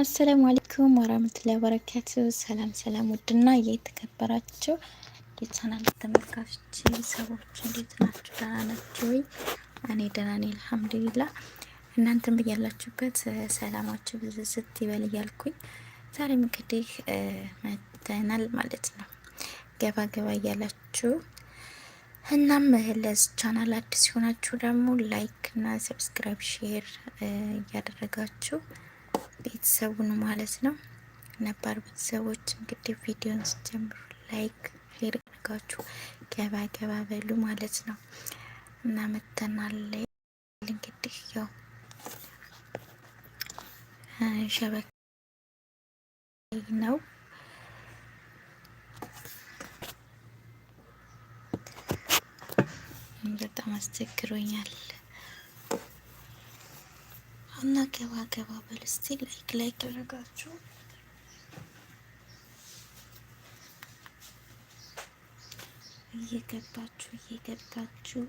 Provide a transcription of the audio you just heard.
አሰላሙ አለይኩም ወራህመቱላሂ ወበረካቱ። ሰላም ሰላም፣ ውድና የተከበራችሁ የቻናል ተመልካቾች ሰዎች እንዴት ናችሁ? ደህና ናችሁ ወይ? እኔ ደህና ነኝ አልሐምዱሊላህ። እናንተም በያላችሁበት ሰላማችሁ ብዙ ስት ይበል እያልኩኝ ዛሬም እንግዲህ መተናል ማለት ነው ገባ ገባ እያላችሁ እናም ለዚህ ቻናል አዲስ ሲሆናችሁ ደግሞ ላይክ እና ሰብስክራይብ ሼር እያደረጋችሁ ቤተሰቡን ማለት ነው። ነባር ቤተሰቦች እንግዲህ ቪዲዮን ስጀምሩ ላይክ ሼር አድርጋችሁ ገባ ገባ በሉ ማለት ነው እና መተናል እንግዲህ ያው ሸበካ ነው በጣም አስቸግሮኛል። እና ገባ ገባ በል እስቲ ላይክ ላይክ ያደረጋችሁ እየገባችሁ እየገባችሁ